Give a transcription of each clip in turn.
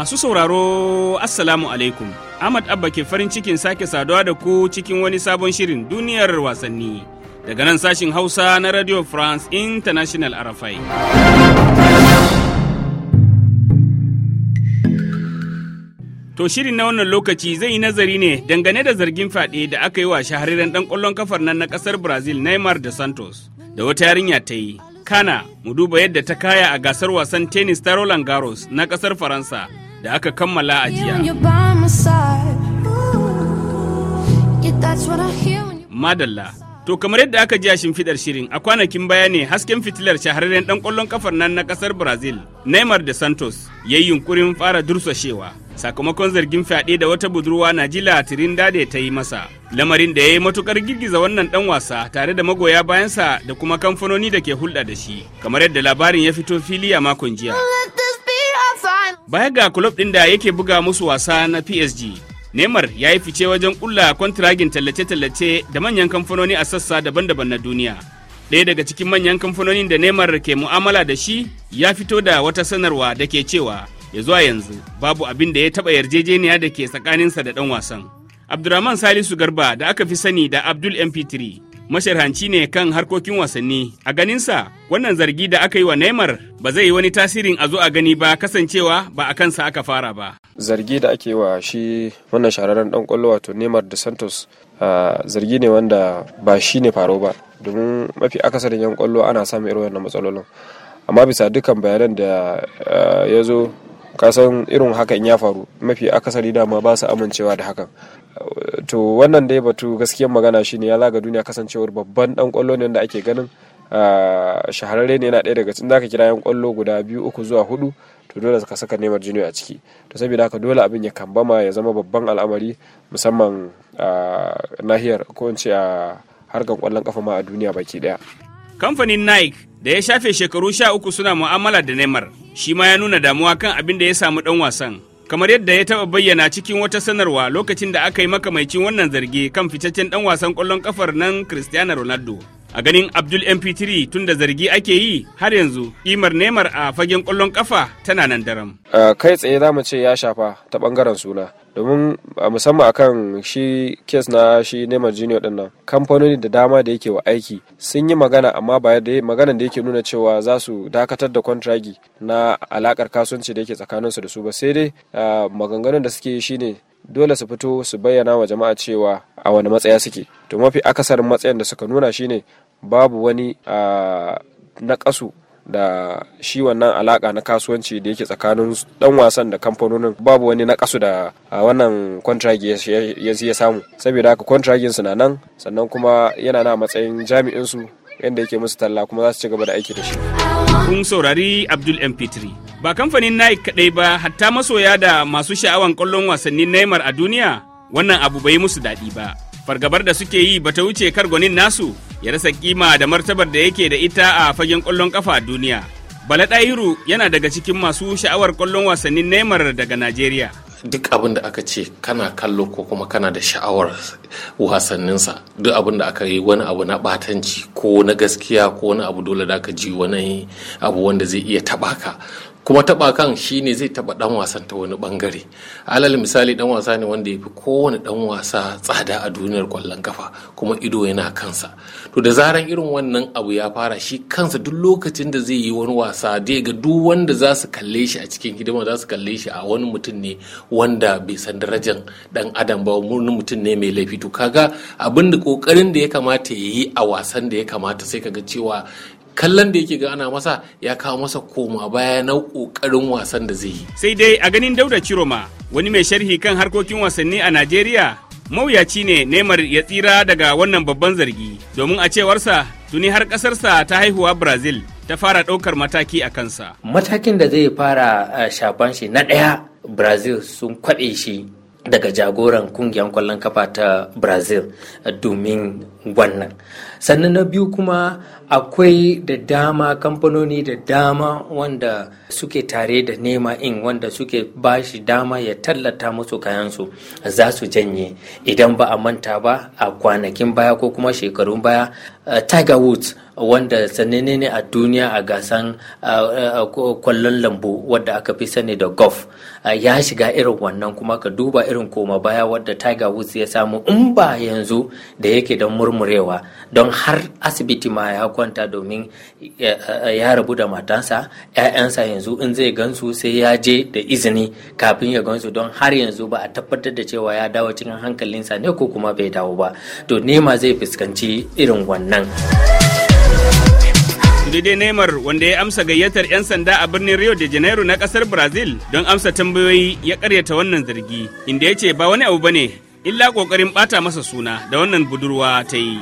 Masu sauraro Assalamu alaikum. Ahmad Abba ke farin cikin sake saduwa da ku cikin wani sabon shirin duniyar wasanni. Daga nan sashin Hausa na Radio France International Arafai. To shirin na wannan lokaci zai yi nazari ne dangane da zargin fyaɗe da aka yi wa shahararren ɗan ƙwallon kafar nan na ƙasar Brazil Neymar da Santos da wata yarinya ta yi. Kana mu duba yadda ta kaya a gasar wasan tennis ta Roland Garros na ƙasar Faransa da aka kammala a jiya. Madalla, to kamar yadda aka ji a shimfiɗar shirin a kwanakin baya ne hasken fitilar shahararren ɗan ƙwallon kafar nan na ƙasar Brazil, Neymar da Santos, ya yi yunkurin fara dursashewa. Sakamakon zargin fyaɗe da wata budurwa na Najila Tirindade ta yi masa, lamarin da ya yi matukar girgiza wannan ɗan wasa tare da magoya bayansa da kuma kamfanoni da ke hulɗa da shi, kamar yadda labarin ya fito fili a makon jiya. Baya ga kulob ɗin da yake buga musu wasa na PSG, Neymar ya yi fice wajen ƙulla kwantiragin tallace-tallace da manyan kamfanoni a sassa daban-daban na duniya. Ɗaya daga cikin manyan kamfanonin da Neymar ke mu'amala da shi ya fito da wata sanarwa da ke cewa ya zuwa yanzu babu abin da ya taɓa yarjejeniya da ke tsakaninsa da ɗan wasan. Abdurrahman Salisu Garba da aka fi sani da Abdul MP3 masharhanci ne kan harkokin wasanni a ganinsa wannan zargi da aka yi wa Neymar ba zai yi wani tasirin a zo a gani ba kasancewa ba a kansa aka fara ba. Zargi da ake wa shi wannan shahararren dan kwallo wato Neymar da Santos zargi ne wanda ba shi ne faro ba domin mafi akasarin yan kwallo ana samun irin wannan matsalolin amma bisa dukkan bayanan da ya zo kasan irin haka in ya faru mafi akasari dama ba su amincewa da hakan to wannan dai batu gaskiyar magana shine ya laga duniya kasancewar babban dan kwallo ne da ake ganin shahararre ne yana ɗaya daga cikin zaka kira yan kwallo guda biyu uku zuwa hudu to dole ka saka neman jini a ciki to saboda haka dole abin ya kambama ya zama babban al'amari musamman a nahiyar ko in ce a harkar kwallon kafa ma a duniya baki daya Kamfanin Nike da ya shafe shekaru sha uku suna mu'amala da Neymar shi ma ya nuna damuwa kan abin da ya samu ɗan wasan. Kamar yadda ya taɓa bayyana cikin wata sanarwa lokacin da aka yi makamaicin wannan zargi kan fitaccen ɗan wasan ƙwallon ƙafar nan Cristiano Ronaldo. a ganin abdul mp3 tun da zargi ake yi har yanzu kimar nemar a fagen kwallon kafa tana nan daram kai tsaye za mu ce ya shafa ta bangaren suna domin musamman akan shi kes na shi neymar junior din kamfanoni da dama da yake wa aiki sun yi magana amma ba da maganan da yake nuna cewa za su dakatar da kwantragi na alakar kasuwanci da yake tsakanin su da su ba sai dai maganganun da suke yi shine dole su fito su bayyana wa jama'a cewa a wani matsaya suke to mafi akasarin matsayin da suka nuna shine babu wani na kasu da shi wannan alaka na kasuwanci da yake tsakanin dan wasan da kamfanonin babu wani na kasu da wannan contract ya samu saboda haka contract su na nan sannan kuma yana na matsayin jami'in su yadda yake musu talla kuma za su ci gaba da aiki da shi kun saurari abdul mp3 ba kamfanin nike kadai ba hatta masoya da masu sha'awan kallon wasannin neymar a duniya wannan abu bai musu daɗi ba fargabar da suke yi bata wuce kar gwanin nasu ya rasa kima da martabar da yake da ita a fagen ƙwallon kafa a duniya bala ɗahiru yana daga cikin masu sha'awar ƙwallon wasannin neymar daga najeriya duk abin da aka ce kana kallo ko kuma kana da sha'awar wasanninsa duk abin da aka yi wani abu na batanci ko na gaskiya ko wani abu dole da aka ji wani abu wanda zai iya taɓa ka kuma taɓa kan shine zai taba ɗan wasan ta wani bangare alal misali ɗan wasa ne wanda ya fi kowane ɗan wasa tsada a duniyar kwallon kafa kuma ido yana kansa to da zaran irin wannan abu ya fara shi kansa duk lokacin da zai yi wani wasa dai ga duk wanda za su kalle shi a cikin hidima za su kalle shi a wani mutum ne wanda bai san darajan dan adam ba wani mutum ne mai laifi to kaga abin da kokarin da ya kamata ya yi a wasan da ya kamata sai kaga cewa kallon da yake ga ana masa ya kawo masa koma baya na kokarin wasan da zai yi sai dai a ganin dauda ciroma wani mai sharhi kan harkokin wasanni a najeriya mawuyaci ne neymar ya tsira daga wannan babban zargi domin a cewarsa tuni har ƙasarsa ta haihuwa brazil ta fara ɗaukar mataki a kansa matakin da zai fara eh, shafan shi na ɗaya brazil sun kwaɗe shi daga jagoran kungiyar kwallon kafa ta brazil domin wannan sannan na biyu kuma akwai da dama kamfanoni da dama wanda suke tare da nema in wanda suke ba shi dama ya tallata musu kayansu za su janye idan ba a manta ba a kwanakin baya ko kuma shekarun baya eh, tiger woods wanda sanene ne a duniya a gasan kwallon lambu wadda aka fi sani da golf ya shiga irin wannan kuma ka duba irin koma baya wadda tiger woods ya samu in ba yanzu da yake don murmurewa don har asibiti ma ya kwanta domin ya rabu da matansa 'ya'yansa yanzu in zai gansu sai ya je da izini kafin ya gansu don har yanzu ba a tabbatar da cewa ya dawo cikin hankalinsa ne ko kuma bai dawo ba to nema zai fuskanci irin wannan. daidai dai Neymar wanda ya amsa gayyatar 'yan sanda a birnin Rio de Janeiro na kasar Brazil don amsa tambayoyi ya karyata wannan zargi, inda ya ce ba wani abu bane illa kokarin bata masa suna da wannan budurwa ta yi.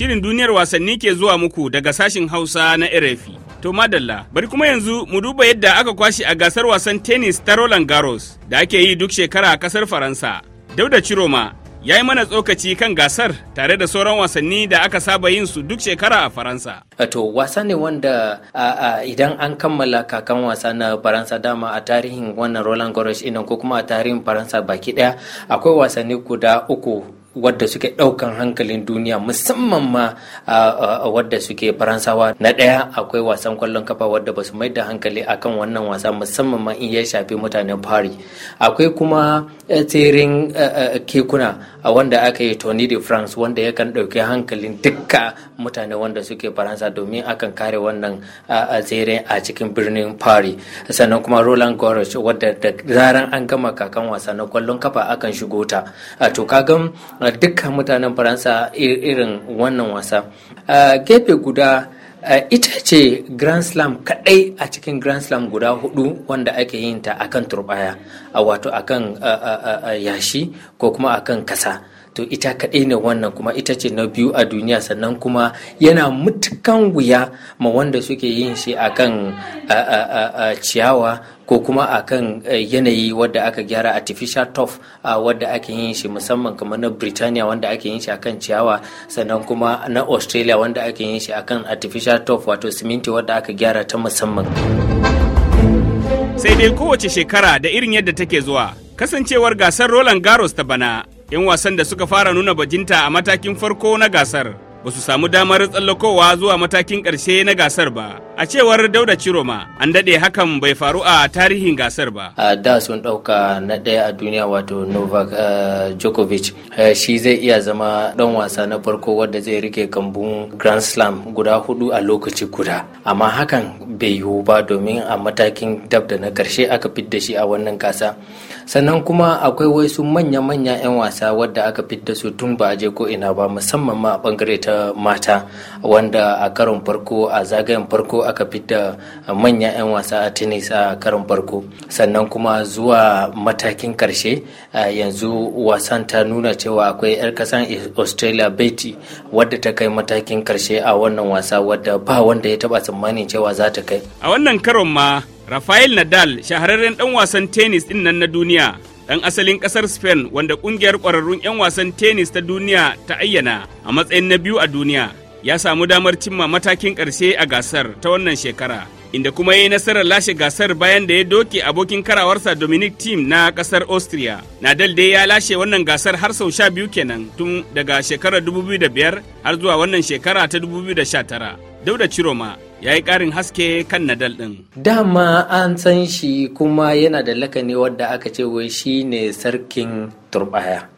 Shirin duniyar wasanni ke zuwa muku daga sashin Hausa na RFI. To madalla, bari kuma yanzu mu duba yadda aka kwashe a gasar wasan tennis ta Roland Garros da ake yi duk shekara a kasar Faransa. Dauda Ciroma ya yi mana tsokaci kan gasar tare da sauran wasanni da aka saba yin su duk shekara a faransa to wasa ne wanda idan an kammala kakan wasa na faransa dama a tarihin wannan roland garros inan ko kuma a tarihin faransa baki daya akwai wasanni guda uku wadda suke ɗaukan hankalin duniya musamman ma a wadda suke faransawa na ɗaya akwai wasan kwallon kafa wadda ba su mai da hankali akan wannan wasa musamman ma in ya shafi mutanen fari akwai kuma eh, tseren eh, eh, kekuna wanda aka yi tony de france wanda yakan ɗauki hankalin dukka mutane wanda suke faransa domin akan kare wannan tsere a cikin birnin paris sannan kuma roland garros wadda da zaran an gama kakan wasa na kwallon kafa akan shigo ta to kagan dukkan mutanen faransa irin wannan wasa gefe guda ita ce grand slam kadai a cikin grand slam guda hudu wanda ake yin ta akan turbaya a wato akan yashi ko kuma akan kasa to ita kaɗai ne wannan kuma ita ce na biyu a duniya sannan kuma yana mutukan wuya ma wanda suke yin shi a kan ciyawa ko kuma a kan eh, yanayi wadda aka gyara artificial turf wadda ake yin shi musamman kamar na Britania wanda ake yin shi a kan ciyawa sannan kuma na Australia wanda ake yin shi a kan artificial turf wato siminti wadda aka gyara ta musamman. Sai dai kowace shekara da irin yadda take zuwa kasancewar gasar Roland Garros ta bana 'yan wasan da suka fara nuna bajinta a matakin farko na gasar ba su samu damar tsallakowa zuwa matakin ƙarshe na gasar ba a cewar dauda ciroma an daɗe hakan bai faru a tarihin gasar ba a da sun ɗauka na ɗaya a duniya wato novak eh, djokovic eh, shi zai iya zama ɗan wasa na farko wadda zai rike kambun grand slam guda hudu a lokaci guda amma hakan bai yiwu ba domin a matakin dab da na ƙarshe aka fidda shi a wannan gasa sannan kuma akwai wasu manya-manya 'yan wasa wadda aka fidda su tun ba a je ko ina ba musamman ma a bangare ta mata wanda a karon farko a zagayen farko aka fidda manya 'yan wasa a tennis a karon farko sannan kuma zuwa matakin karshe yanzu wasan ta nuna cewa akwai 'yar kasan australia betty wadda ta kai matakin karshe a wannan wasa wadda ba wanda ya taba tsammanin cewa za ta kai a wannan karon ma Rafael Nadal shahararren ɗan wasan tennis ɗin nan na duniya ɗan asalin ƙasar Spain wanda ƙungiyar ƙwararrun 'yan wasan tennis ta duniya ta ayyana a matsayin na biyu a duniya ya samu damar cimma matakin ƙarshe a gasar ta wannan shekara inda kuma ya yi nasarar lashe gasar bayan da ya doke abokin karawarsa Dominic team na ƙasar Austria. Nadal dai ya lashe wannan gasar har sau sha biyu kenan tun daga shekarar 2005 har zuwa wannan shekara ta 2019. Dauda Ciroma ya yi ƙarin haske kan nadal ɗin. Dama an san shi kuma yana da lakani wadda aka ce wai shi ne sarkin turbaya.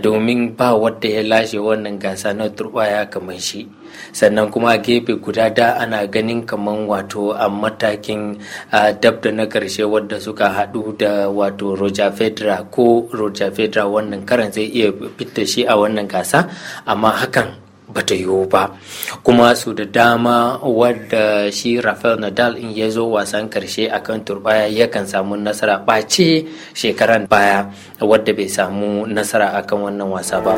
domin ba wadda ya lashe wannan gasa na turbaya kamar shi sannan kuma gefe guda da ana ganin kamar wato a matakin dab da na karshe wadda suka haɗu da wato roger fedra ko roger fedra wannan karan zai iya fita shi a wannan gasa amma hakan bata ta yiwu ba kuma su da dama wadda shi rafael nadal in ya zo wasan karshe akan turbaya yakan samu nasara ɓace shekaran baya wadda bai samu nasara akan wannan wasa ba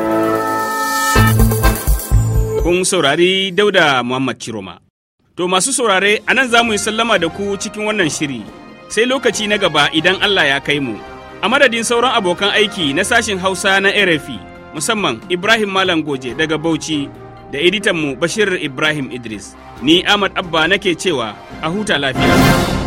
kun saurari dauda muhammad kiroma to masu saurare a nan za mu yi sallama da ku cikin wannan shiri sai lokaci na gaba idan allah ya kai mu a madadin sauran abokan aiki na sashin hausa na rfi musamman ibrahim malam goje daga bauchi da editanmu Bashir Ibrahim Idris. Ni Ahmad Abba nake cewa a huta lafiya.